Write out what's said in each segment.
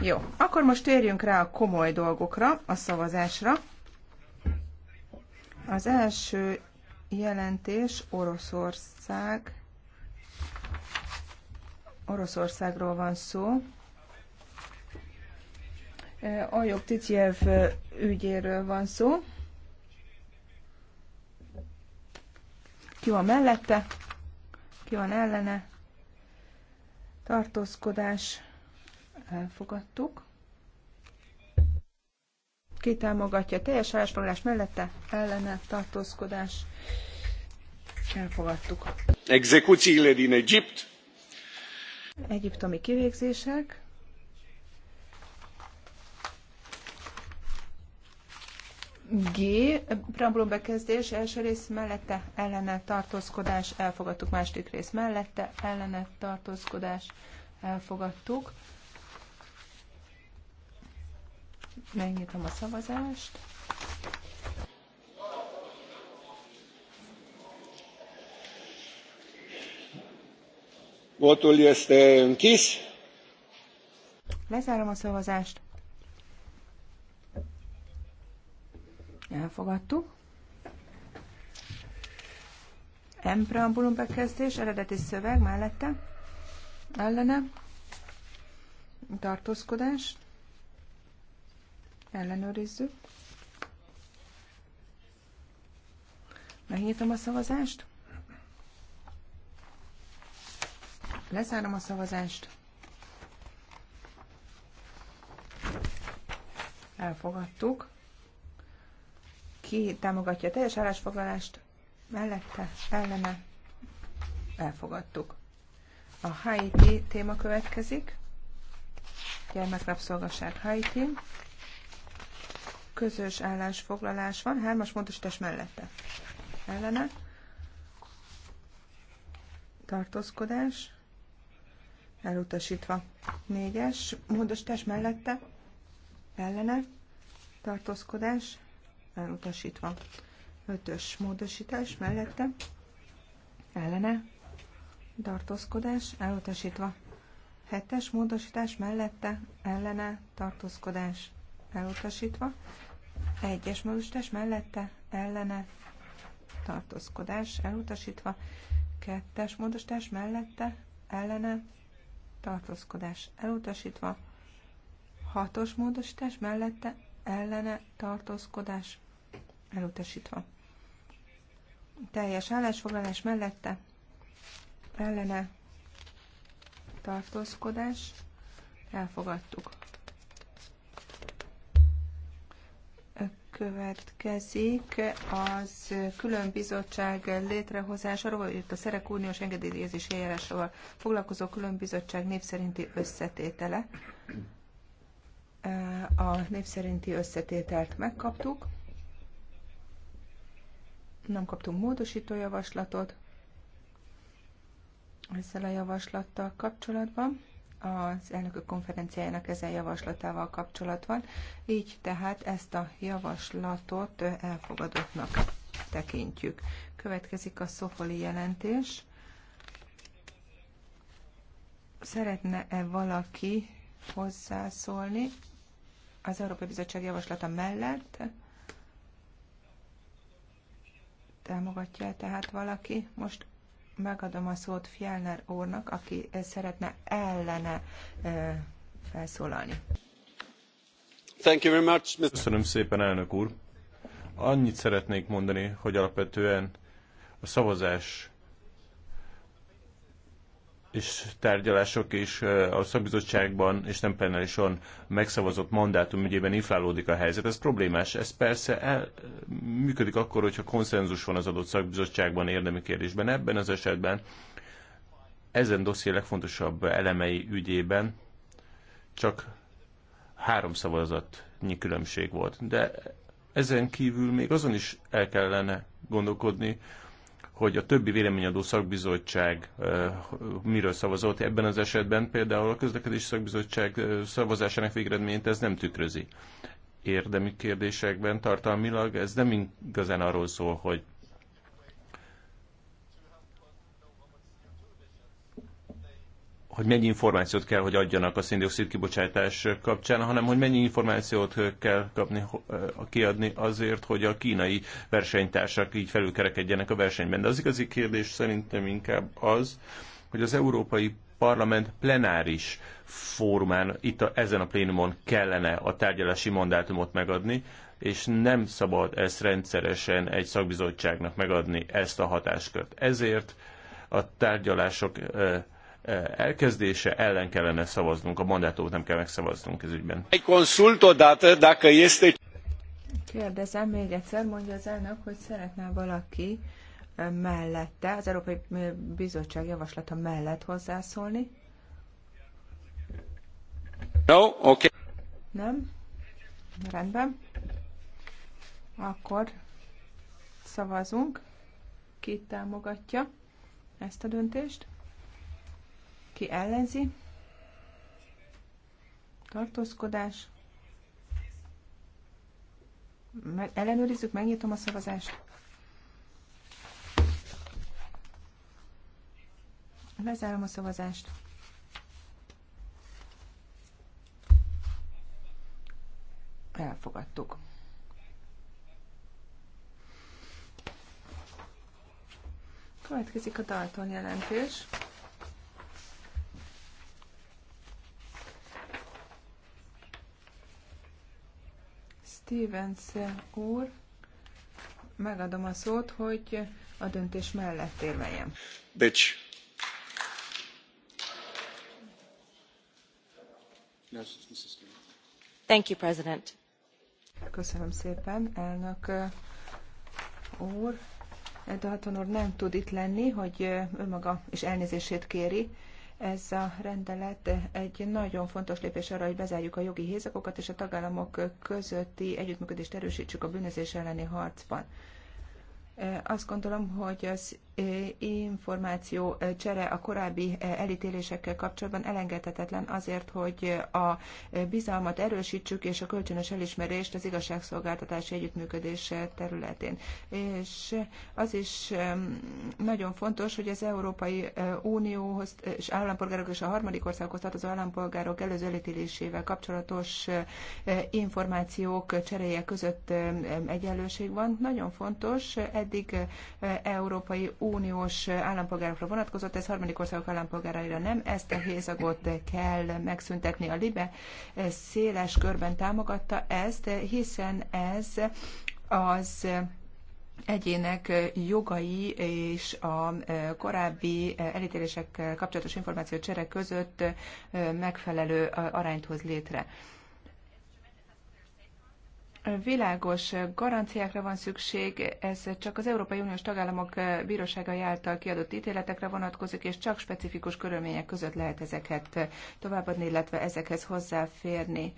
Jó, akkor most térjünk rá a komoly dolgokra, a szavazásra. Az első jelentés Oroszország. Oroszországról van szó. Eh, Ajob Titjev eh, ügyéről van szó. Ki van mellette? Ki van ellene? Tartózkodás elfogadtuk. Ki támogatja teljes állásfoglalás mellette ellene tartózkodás elfogadtuk. Exekúcióle din Egypt. Egyiptomi kivégzések. G. Preambulum bekezdés első rész mellette ellene tartózkodás, elfogadtuk második rész mellette ellene tartózkodás, elfogadtuk. Megnyitom a szavazást. Votul este închis. Lezárom a szavazást. Elfogadtuk. M preambulum bekezdés, eredeti szöveg mellette, ellene, tartózkodás, Ellenőrizzük. Megnyitom a szavazást. Lezárom a szavazást. Elfogadtuk. Ki támogatja a teljes állásfoglalást? Mellette, ellene. Elfogadtuk. A Haiti téma következik. Gyermekrabszolgaság Haiti közös állásfoglalás van, hármas módosítás mellette. Ellene. Tartózkodás. Elutasítva. Négyes módosítás mellette. Ellene. Tartózkodás. Elutasítva. Ötös módosítás mellette. Ellene. Tartózkodás. Elutasítva. Hetes módosítás mellette. Ellene. Tartózkodás elutasítva, egyes módosítás mellette ellene tartózkodás elutasítva. Kettes módosítás mellette ellene tartózkodás elutasítva. Hatos módosítás mellette ellene tartózkodás elutasítva. Teljes állásfoglalás mellette ellene tartózkodás elfogadtuk. következik az külön bizottság létrehozásáról, itt a Szerek Uniós engedélyezési eljárásával foglalkozó külön bizottság népszerinti összetétele. A népszerinti összetételt megkaptuk. Nem kaptunk módosító javaslatot ezzel a javaslattal kapcsolatban az elnökök konferenciájának ezen javaslatával kapcsolatban, így tehát ezt a javaslatot elfogadottnak tekintjük. Következik a Szofoli jelentés. Szeretne-e valaki hozzászólni az Európai Bizottság javaslata mellett? Támogatja -e tehát valaki most megadom a szót Fjellner úrnak, aki eh, szeretne ellene eh, felszólalni. Thank you very much, Mr. Köszönöm szépen, elnök úr. Annyit szeretnék mondani, hogy alapvetően a szavazás és tárgyalások és a szakbizottságban és nem plenárison megszavazott mandátum ügyében inflálódik a helyzet. Ez problémás. Ez persze el, működik akkor, hogyha konszenzus van az adott szakbizottságban érdemi kérdésben. Ebben az esetben ezen dosszié legfontosabb elemei ügyében csak három szavazatnyi különbség volt. De ezen kívül még azon is el kellene gondolkodni, hogy a többi véleményadó szakbizottság miről szavazott. Ebben az esetben például a közlekedési szakbizottság szavazásának végeredményét ez nem tükrözi. Érdemi kérdésekben tartalmilag ez nem igazán arról szól, hogy hogy mennyi információt kell, hogy adjanak a széndiokszid kibocsátás kapcsán, hanem hogy mennyi információt kell kapni, kiadni azért, hogy a kínai versenytársak így felülkerekedjenek a versenyben. De az igazi kérdés szerintem inkább az, hogy az Európai Parlament plenáris fórumán, itt a, ezen a plénumon kellene a tárgyalási mandátumot megadni, és nem szabad ezt rendszeresen egy szakbizottságnak megadni ezt a hatáskört. Ezért a tárgyalások Eh, elkezdése ellen kellene szavaznunk, a mandátumot nem kell megszavaznunk ez ügyben. Egy konsultodată, dacă este... Kérdezem még egyszer, mondja az elnök, hogy szeretne valaki eh, mellette, az Európai eh, Bizottság javaslata mellett hozzászólni. No, okay. Nem? Rendben. Akkor szavazunk. Ki támogatja ezt a döntést? Ki ellenzi? Tartózkodás. Meg, ellenőrizzük, megnyitom a szavazást. Lezárom a szavazást. Elfogadtuk. Következik a Dalton jelentés. Stevense úr, megadom a szót, hogy a döntés mellett érveljem. Bitch. Thank you, President. Köszönöm szépen, elnök úr. De Dalton úr nem tud itt lenni, hogy önmaga is elnézését kéri ez a rendelet egy nagyon fontos lépés arra, hogy bezárjuk a jogi hézakokat, és a tagállamok közötti együttműködést erősítsük a bűnözés elleni harcban. Azt gondolom, hogy az információ csere a korábbi elítélésekkel kapcsolatban elengedhetetlen azért, hogy a bizalmat erősítsük és a kölcsönös elismerést az igazságszolgáltatási együttműködés területén. És az is nagyon fontos, hogy az Európai Unióhoz és állampolgárok és a harmadik országhoz tartozó állampolgárok előző elítélésével kapcsolatos információk cseréje között egyenlőség van. Nagyon fontos, eddig Európai Unió uniós állampolgárokra vonatkozott, ez harmadik országok állampolgáraira nem. Ezt a hézagot kell megszüntetni. A LIBE széles körben támogatta ezt, hiszen ez az egyének jogai és a korábbi elítélésekkel kapcsolatos információ csere között megfelelő arányt hoz létre. Világos garanciákra van szükség, ez csak az Európai Uniós tagállamok bíróságai által kiadott ítéletekre vonatkozik, és csak specifikus körülmények között lehet ezeket továbbadni, illetve ezekhez hozzáférni.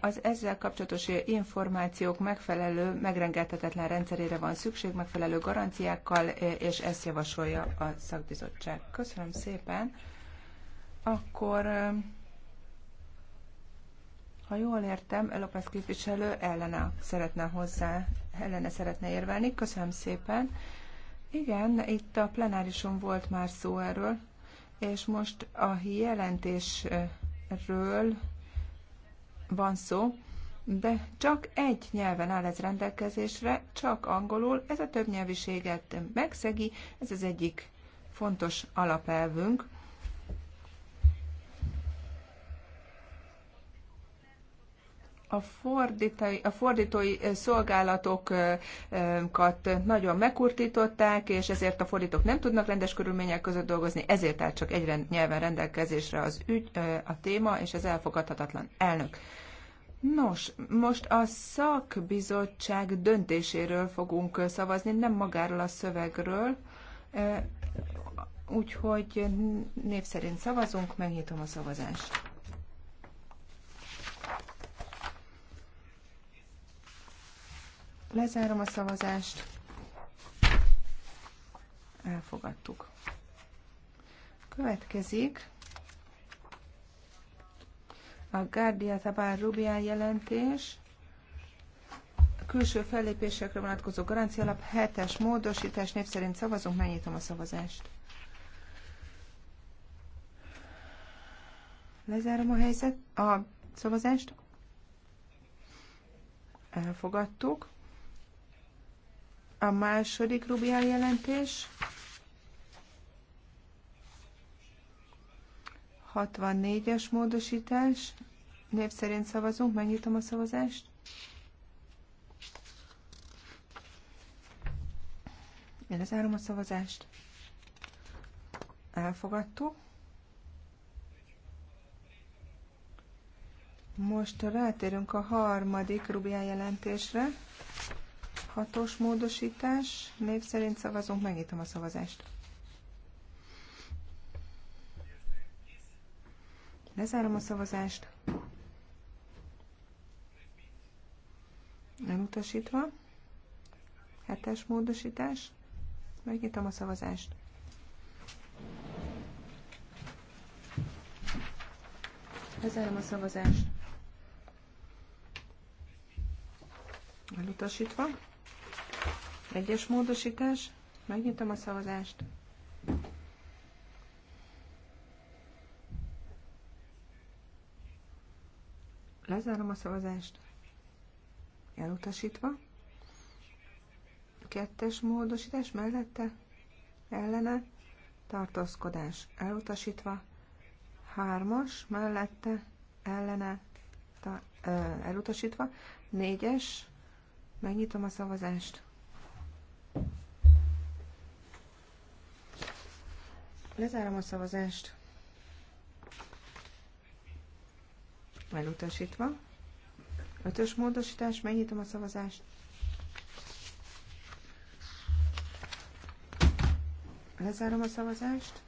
Az ezzel kapcsolatos információk megfelelő, megrengethetetlen rendszerére van szükség, megfelelő garanciákkal, és ezt javasolja a szakbizottság. Köszönöm szépen. Akkor ha jól értem, López képviselő ellene szeretne hozzá, ellene szeretne érvelni. Köszönöm szépen. Igen, itt a plenárison volt már szó erről, és most a jelentésről van szó, de csak egy nyelven áll ez rendelkezésre, csak angolul, ez a többnyelviséget megszegi, ez az egyik fontos alapelvünk a, fordítai, a fordítói eh, szolgálatokat eh, eh, nagyon megkurtították, és ezért a fordítók nem tudnak rendes körülmények között dolgozni, ezért áll csak egyre nyelven rendelkezésre az ügy, a téma, és ez elfogadhatatlan. Elnök. Nos, most a szakbizottság döntéséről fogunk szavazni, nem magáról a szövegről, úgyhogy név szerint szavazunk, megnyitom a szavazást. Lezárom a szavazást. Elfogadtuk. Következik a Gárdia Tabár Rubián jelentés. A külső fellépésekre vonatkozó garancialap 7-es módosítás név szerint szavazunk, megnyitom a szavazást. Lezárom a helyzet, a szavazást. Elfogadtuk. A második Rubial jelentés. 64-es módosítás. Név szerint szavazunk, megnyitom a szavazást. Lezárom a szavazást. Elfogadtuk. Most rátérünk a harmadik Rubián jelentésre hatos módosítás. Név szerint szavazunk, megnyitom a szavazást. Lezárom a szavazást. Nem utasítva. Hetes módosítás. Megnyitom a szavazást. Lezárom a szavazást. Elutasítva. Egyes módosítás. Megnyitom a szavazást. Lezárom a szavazást. Elutasítva. Kettes módosítás mellette. Ellene. Tartózkodás. Elutasítva. Hármas mellette. Ellene. Ta, ö, elutasítva. Négyes. Megnyitom a szavazást. Lezárom a szavazást. Elutasítva. Ötös módosítás, megnyitom a szavazást. Lezárom a szavazást.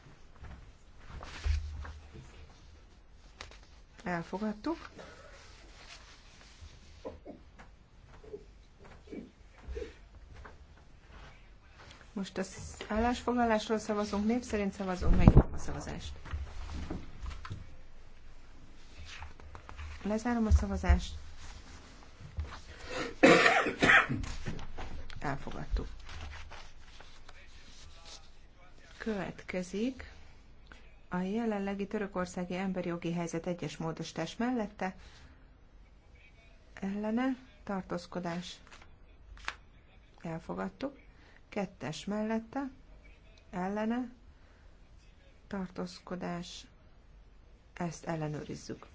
Elfogadtuk. Most az állásfoglalásról szavazunk, nép szerint szavazunk, megnyitom a szavazást. Lezárom a szavazást. Elfogadtuk. Következik a jelenlegi törökországi emberi jogi helyzet egyes módosítás mellette ellene tartózkodás. Elfogadtuk kettes mellette, ellene, tartózkodás, ezt ellenőrizzük.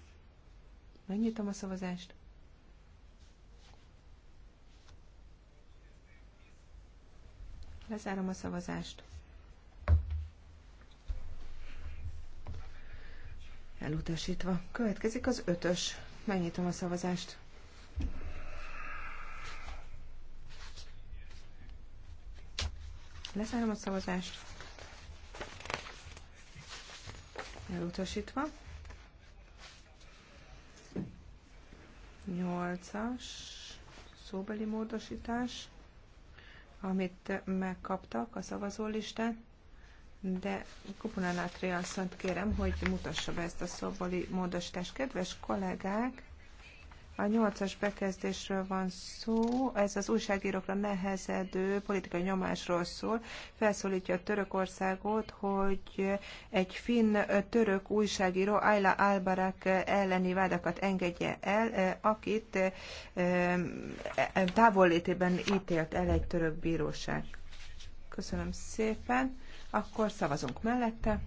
Megnyitom a szavazást. Lezárom a szavazást. Elutasítva. Következik az ötös. Megnyitom a szavazást. Lezárom a szavazást. Elutasítva. 8-as szóbeli módosítás, amit megkaptak a szavazólistán, de Kupunánál Trianszont kérem, hogy mutassa be ezt a szóbeli módosítást. Kedves kollégák, a nyolcas bekezdésről van szó, ez az újságírókra nehezedő politikai nyomásról szól. Felszólítja a Törökországot, hogy egy finn-török újságíró Ayla Albarak elleni vádakat engedje el, akit távollétében ítélt el egy török bíróság. Köszönöm szépen. Akkor szavazunk mellette.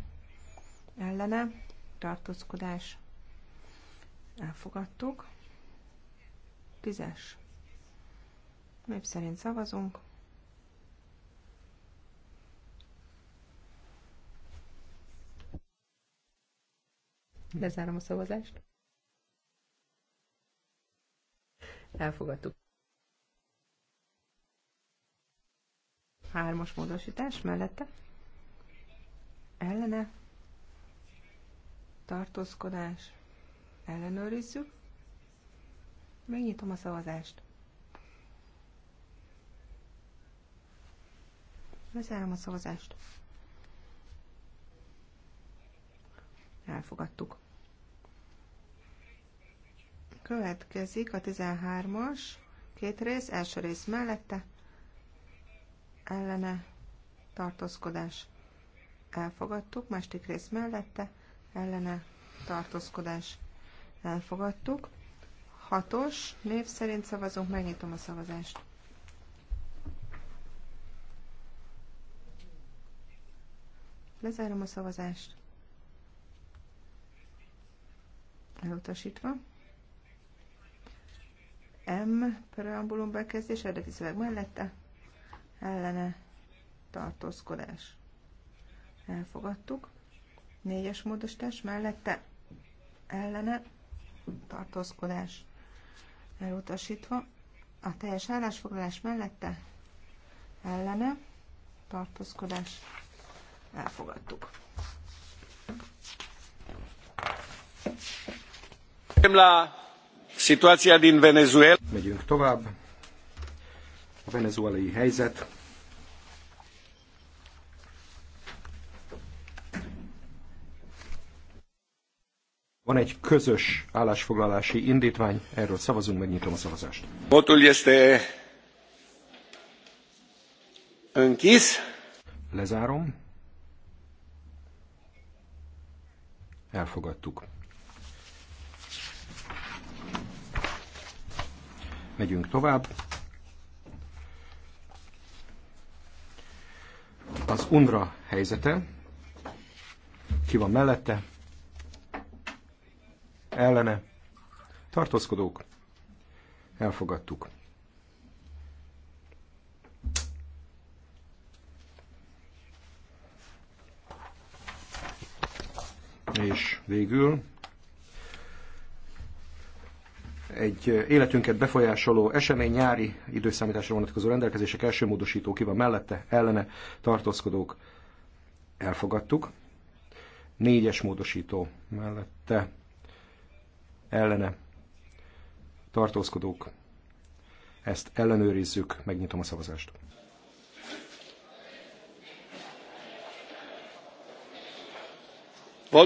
Ellene. Tartózkodás. Elfogadtuk. Tízes. Név szerint szavazunk. Lezárom a szavazást. Elfogadtuk. Hármas módosítás mellette. Ellene. Tartózkodás. Ellenőrizzük. Megnyitom a szavazást. Lezárom a szavazást. Elfogadtuk. Következik a 13-as, két rész, első rész mellette, ellene tartózkodás. Elfogadtuk, másik rész mellette, ellene tartózkodás. Elfogadtuk hatos név szerint szavazunk, megnyitom a szavazást. Lezárom a szavazást. Elutasítva. M preambulum bekezdés, eredeti szöveg mellette. Ellene tartózkodás. Elfogadtuk. Négyes módosítás mellette. Ellene tartózkodás elutasítva, a teljes állásfoglalás mellette ellene tartózkodás elfogadtuk. La situația din Venezuela. Megyünk tovább. A venezuelai helyzet Van egy közös állásfoglalási indítvány, erről szavazunk, megnyitom a szavazást. Votul este Lezárom. Elfogadtuk. Megyünk tovább. Az UNRWA helyzete. Ki van mellette? ellene tartózkodók elfogadtuk. És végül egy életünket befolyásoló esemény nyári időszámításra vonatkozó rendelkezések első módosító ki van mellette, ellene tartózkodók elfogadtuk. Négyes módosító mellette ellene tartózkodók. Ezt ellenőrizzük, megnyitom a szavazást.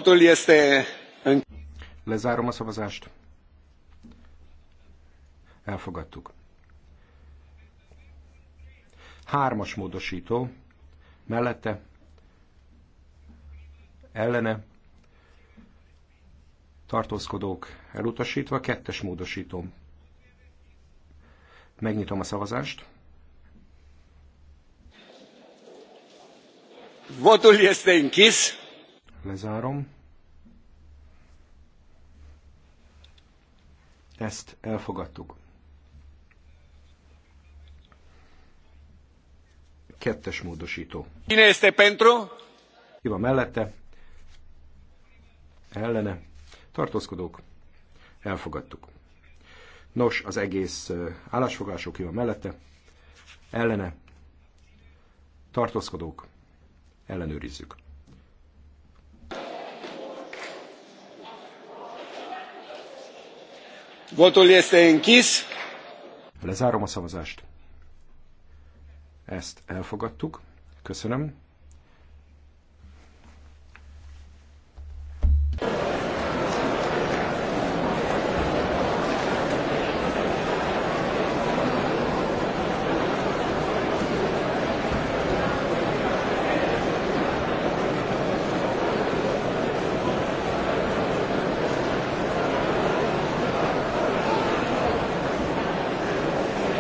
este... Lezárom a szavazást. Elfogadtuk. Hármas módosító. Mellette. Ellene tartózkodók elutasítva, kettes módosító. Megnyitom a szavazást. Votul este închis. Lezárom. Ezt elfogadtuk. Kettes módosító. Cine este pentru? Ki van mellette? Ellene tartózkodók, elfogadtuk. Nos, az egész állásfoglások jön mellette, ellene, tartózkodók, ellenőrizzük. Votul este închis. Lezárom a szavazást. Ezt elfogadtuk. Köszönöm.